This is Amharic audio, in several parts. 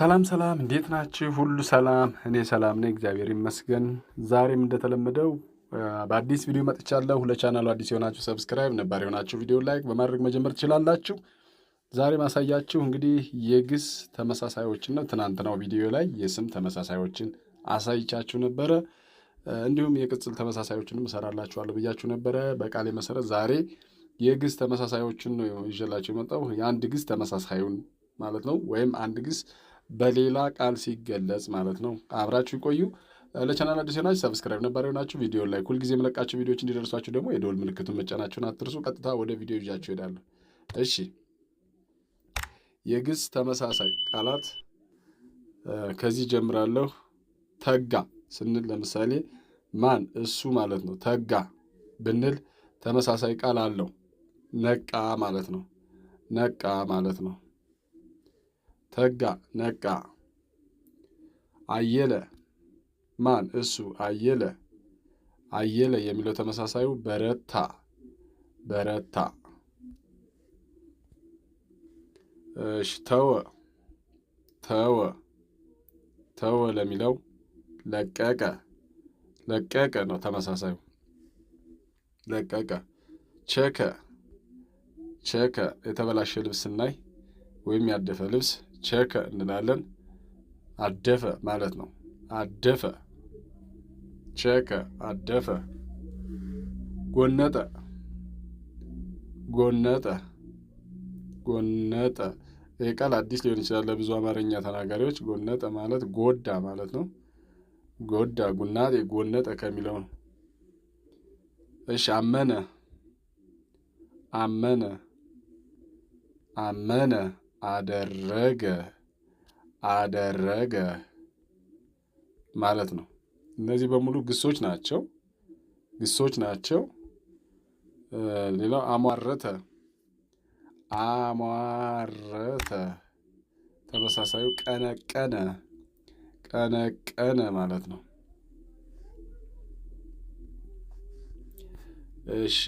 ሰላም ሰላም፣ እንዴት ናችሁ? ሁሉ ሰላም? እኔ ሰላም ነኝ፣ እግዚአብሔር ይመስገን። ዛሬም እንደተለመደው በአዲስ ቪዲዮ መጥቻለሁ። ለቻናሉ አዲስ የሆናችሁ ሰብስክራይብ፣ ነባር የሆናችሁ ቪዲዮ ላይክ በማድረግ መጀመር ትችላላችሁ። ዛሬ ማሳያችሁ እንግዲህ የግስ ተመሳሳዮችን ነው። ትናንትናው ቪዲዮ ላይ የስም ተመሳሳዮችን አሳይቻችሁ ነበረ። እንዲሁም የቅጽል ተመሳሳዮችንም እሰራላችኋለሁ ብያችሁ ነበረ። በቃሌ መሰረት ዛሬ የግስ ተመሳሳዮችን ነው ይዤላችሁ የመጣው። የአንድ ግስ ተመሳሳዩን ማለት ነው ወይም አንድ ግስ በሌላ ቃል ሲገለጽ ማለት ነው። አብራችሁ ይቆዩ። ለቻናል አዲስ የሆናችሁ ሰብስክራይብ፣ ነባር የሆናችሁ ቪዲዮ ላይ ሁልጊዜ የምለቃቸው ቪዲዮዎች እንዲደርሷችሁ ደግሞ የደወል ምልክቱን መጫናችሁን አትርሱ። ቀጥታ ወደ ቪዲዮ ይዣችሁ እሄዳለሁ። እሺ የግስ ተመሳሳይ ቃላት ከዚህ ጀምራለሁ። ተጋ ስንል ለምሳሌ ማን እሱ ማለት ነው። ተጋ ብንል ተመሳሳይ ቃል አለው። ነቃ ማለት ነው። ነቃ ማለት ነው። ተጋ ነቃ አየለ ማን እሱ አየለ አየለ የሚለው ተመሳሳዩ በረታ በረታ እሽ ተወ ተወ ተወ ለሚለው ለቀቀ ለቀቀ ነው ተመሳሳዩ ለቀቀ ቸከ ቸከ የተበላሸ ልብስ ስናይ ወይም ያደፈ ልብስ ቸከ እንላለን። አደፈ ማለት ነው። አደፈ፣ ቸከ፣ አደፈ። ጎነጠ፣ ጎነጠ፣ ጎነጠ። ይህ ቃል አዲስ ሊሆን ይችላል ለብዙ አማርኛ ተናጋሪዎች። ጎነጠ ማለት ጎዳ ማለት ነው። ጎዳ፣ ጉናጤ፣ ጎነጠ ከሚለው ነው። እሺ፣ አመነ፣ አመነ፣ አመነ አደረገ አደረገ ማለት ነው። እነዚህ በሙሉ ግሶች ናቸው ግሶች ናቸው። ሌላው አሟረተ አሟረተ ተመሳሳዩ ቀነቀነ ቀነቀነ ማለት ነው። እሺ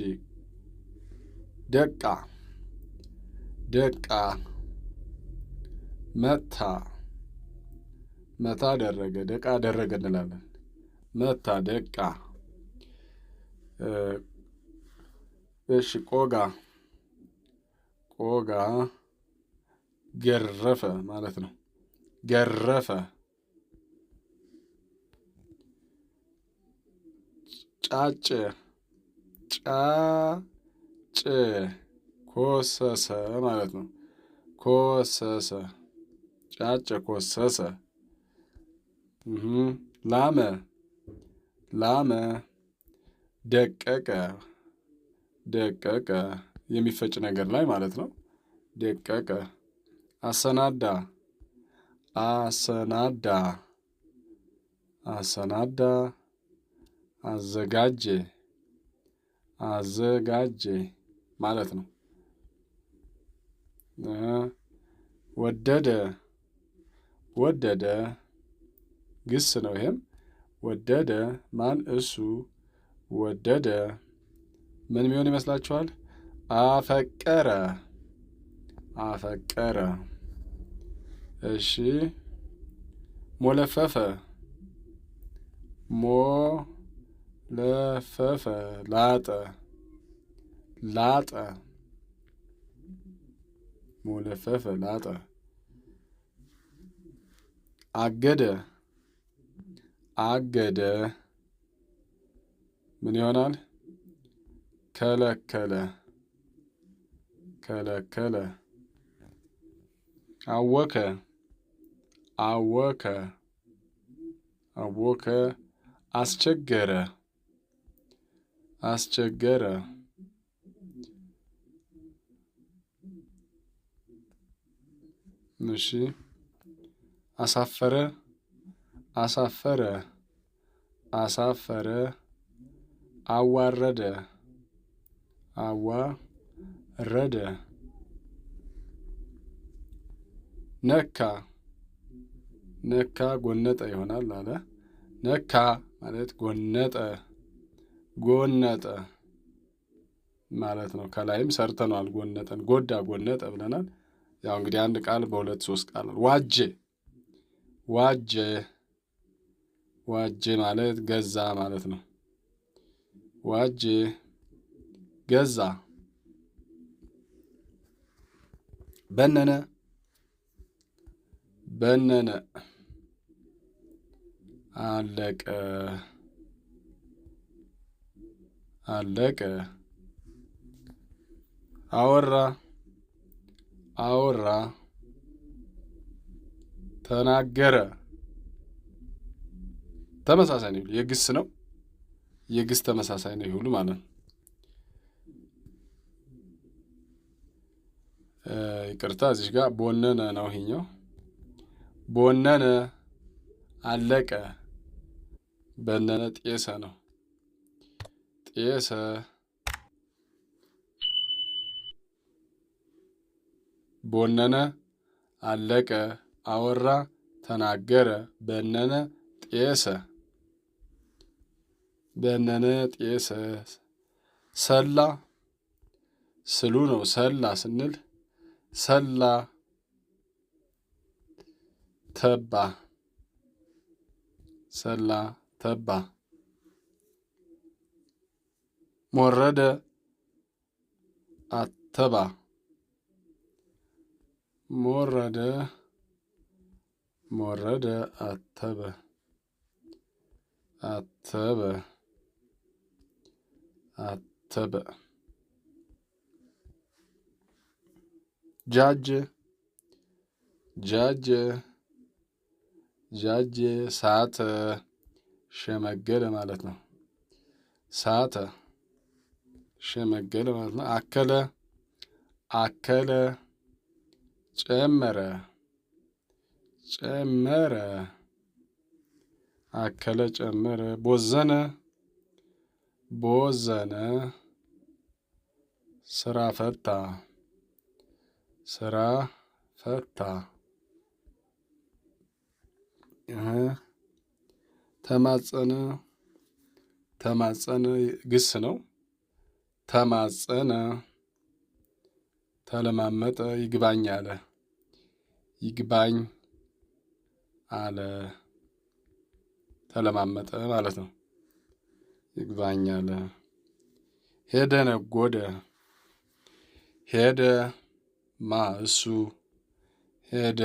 ደቃ ደቃ መታ መታ አደረገ ደቃ አደረገ እንላለን። መታ ደቃ። እሺ ቆጋ ቆጋ ገረፈ ማለት ነው። ገረፈ ጫጭ ጫጭ ኮሰሰ ማለት ነው። ኮሰሰ ጫጨ ኮሰሰ ላመ ላመ ደቀቀ ደቀቀ የሚፈጭ ነገር ላይ ማለት ነው። ደቀቀ አሰናዳ አሰናዳ አሰናዳ አዘጋጀ አዘጋጀ ማለት ነው። ወደደ ወደደ ግስ ነው። ይሄም ወደደ ማን? እሱ ወደደ ምን ሚሆን ይመስላችኋል? አፈቀረ አፈቀረ። እሺ ሞለፈፈ ሞለፈፈ ላጠ ላጠ ሞለፈፈ ላጠ አገደ አገደ ምን ይሆናል? ከለከለ ከለከለ አወከ አወከ አወከ አስቸገረ አስቸገረ እሺ አሳፈረ አሳፈረ አሳፈረ አዋረደ አዋረደ ነካ ነካ ጎነጠ ይሆናል አለ። ነካ ማለት ጎነጠ ጎነጠ ማለት ነው። ከላይም ሰርተነዋል። ጎነጠን፣ ጎዳ፣ ጎነጠ ብለናል። ያው እንግዲህ አንድ ቃል በሁለት ሶስት ቃል ዋጄ ዋጀ ዋጀ ማለት ገዛ ማለት ነው። ዋጀ ገዛ። በነነ በነነ አለቀ አለቀ። አወራ አወራ ተናገረ። ተመሳሳይ ነው፣ የግስ ነው፣ የግስ ተመሳሳይ ነው ይሁሉ ማለት ነው። ይቅርታ እዚህ ጋር ቦነነ ነው ይሄኛው። ቦነነ አለቀ፣ በነነ ጤሰ ነው። ጤሰ ቦነነ አለቀ አወራ፣ ተናገረ፣ በነነ ጤሰ በነነ ጤሰ። ሰላ ስሉ ነው። ሰላ ስንል ሰላ ተባ ሰላ ተባ። ሞረደ አተባ ሞረደ ሞረደ አተበ አተበ አተበ ጃጀ ጃጀ ጃጀ ሳተ ሸመገለ ማለት ነው። ሳተ ሸመገለ ማለት ነው። አከለ አከለ ጨመረ ጨመረ አከለ ጨመረ ቦዘነ ቦዘነ ስራ ፈታ ስራ ፈታ ተማጸነ ተማጸነ ግስ ነው። ተማጸነ ተለማመጠ ይግባኝ አለ ይግባኝ አለ ተለማመጠ ማለት ነው። ይግባኝ አለ። ሄደ ነጎደ ሄደ ማ እሱ ሄደ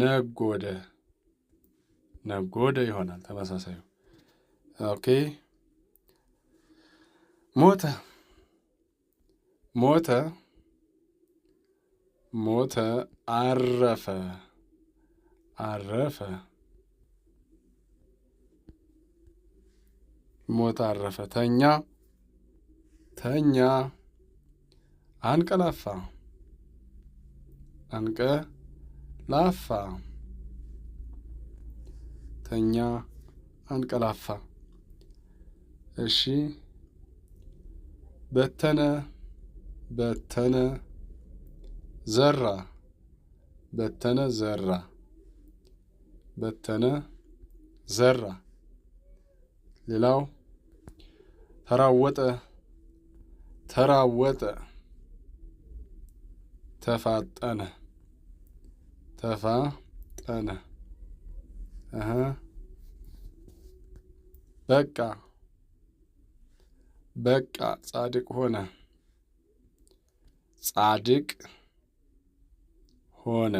ነጎደ ነጎደ ይሆናል ተመሳሳዩ። ኦኬ ሞተ ሞተ ሞተ አረፈ አረፈ ሞት አረፈ ተኛ ተኛ አንቀላፋ አንቀ ላፋ ተኛ አንቀላፋ። እሺ በተነ በተነ ዘራ በተነ ዘራ በተነ፣ ዘራ። ሌላው ተራወጠ፣ ተራወጠ፣ ተፋጠነ፣ ተፋጠነ፣ በቃ፣ በቃ፣ ጻድቅ ሆነ፣ ጻድቅ ሆነ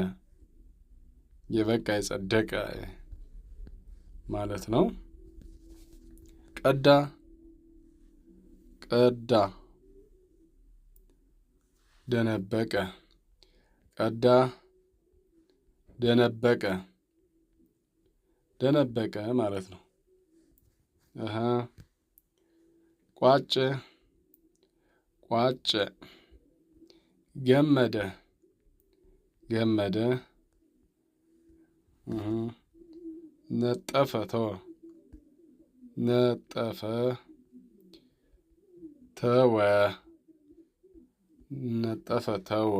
የበቃ የጸደቀ ማለት ነው። ቀዳ ቀዳ ደነበቀ ቀዳ ደነበቀ ደነበቀ ማለት ነው። ቋጭ ቋጨ ገመደ ገመደ ነጠፈ ተወ ነጠፈ ተወ ነጠፈ ተወ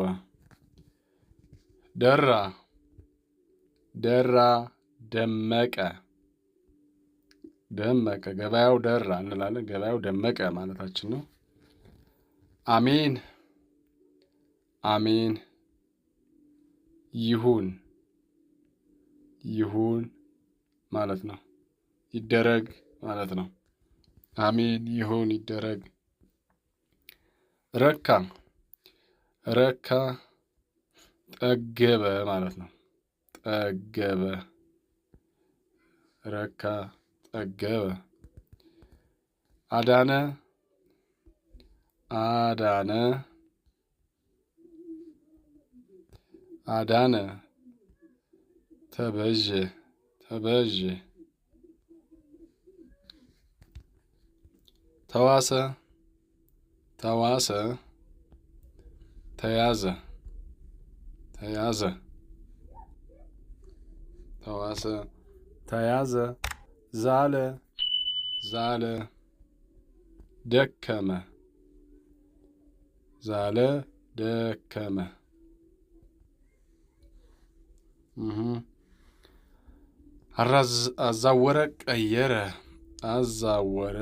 ደራ ደራ ደመቀ ደመቀ ገበያው ደራ እንላለን። ገበያው ደመቀ ማለታችን ነው። አሜን አሜን ይሁን ይሁን ማለት ነው። ይደረግ ማለት ነው። አሜን፣ ይሁን፣ ይደረግ። ረካ ረካ ጠገበ ማለት ነው። ጠገበ ረካ ጠገበ። አዳነ አዳነ አዳነ ተበዥ ተበዥ ተዋሰ ተዋሰ ተያዘ ተያዘ ተዋሰ ተያዘ ዛለ ዛለ ደከመ ዛለ ደከመ አዛወረ ቀየረ አዛወረ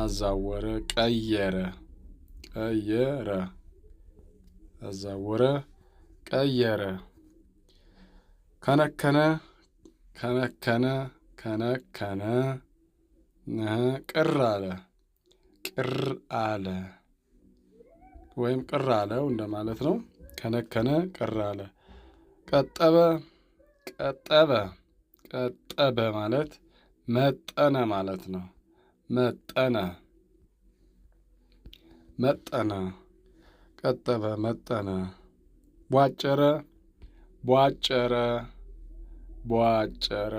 አዛወረ ቀየረ ቀየረ አዛወረ ቀየረ ከነከነ ከነከነ ከነከነ ቅር አለ ቅር አለ ወይም ቅር አለው እንደማለት ነው። ከነከነ ቅር አለ። ቀጠበ ቀጠበ ቀጠበ ማለት መጠነ ማለት ነው። መጠነ መጠነ ቀጠበ መጠነ ቧጨረ ቧጨረ ቧጨረ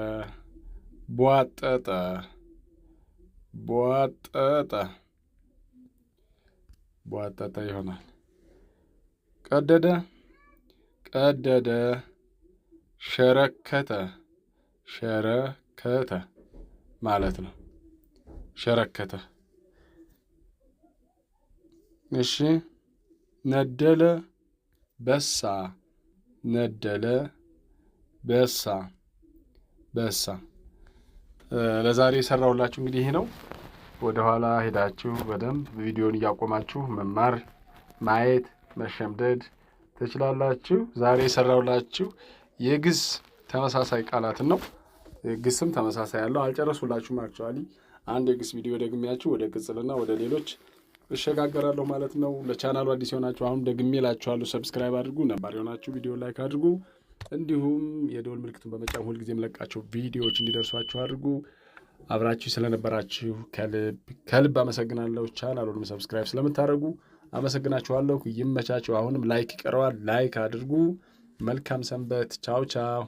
ቧጠጠ ቧጠጠ ቧጠጠ ይሆናል። ቀደደ ቀደደ ሸረከተ ሸረከተ ማለት ነው። ሸረከተ። እሺ። ነደለ በሳ ነደለ በሳ በሳ። ለዛሬ የሰራሁላችሁ እንግዲህ ይሄ ነው። ወደኋላ ሄዳችሁ በደንብ ቪዲዮን እያቆማችሁ መማር ማየት መሸምደድ ትችላላችሁ። ዛሬ የሰራሁላችሁ የግስ ተመሳሳይ ቃላትን ነው። ግስም ተመሳሳይ ያለው አልጨረሱላችሁም። አክቹዋሊ አንድ የግስ ቪዲዮ ደግሜያችሁ ወደ ቅጽልና ወደ ሌሎች እሸጋገራለሁ ማለት ነው። ለቻናሉ አዲስ የሆናችሁ አሁን ደግሜ እላችኋለሁ ሰብስክራይብ አድርጉ፣ ነባር የሆናችሁ ቪዲዮ ላይክ አድርጉ፣ እንዲሁም የደወል ምልክቱን በመጫን ሁልጊዜ የምለቃቸው ቪዲዮዎች እንዲደርሷችሁ አድርጉ። አብራችሁ ስለነበራችሁ ከልብ ከልብ አመሰግናለሁ። ቻናሉንም ሰብስክራይብ ስለምታደርጉ አመሰግናችኋለሁ። ይመቻችሁ። አሁንም ላይክ ይቀረዋል፣ ላይክ አድርጉ። መልካም ሰንበት። ቻው ቻው።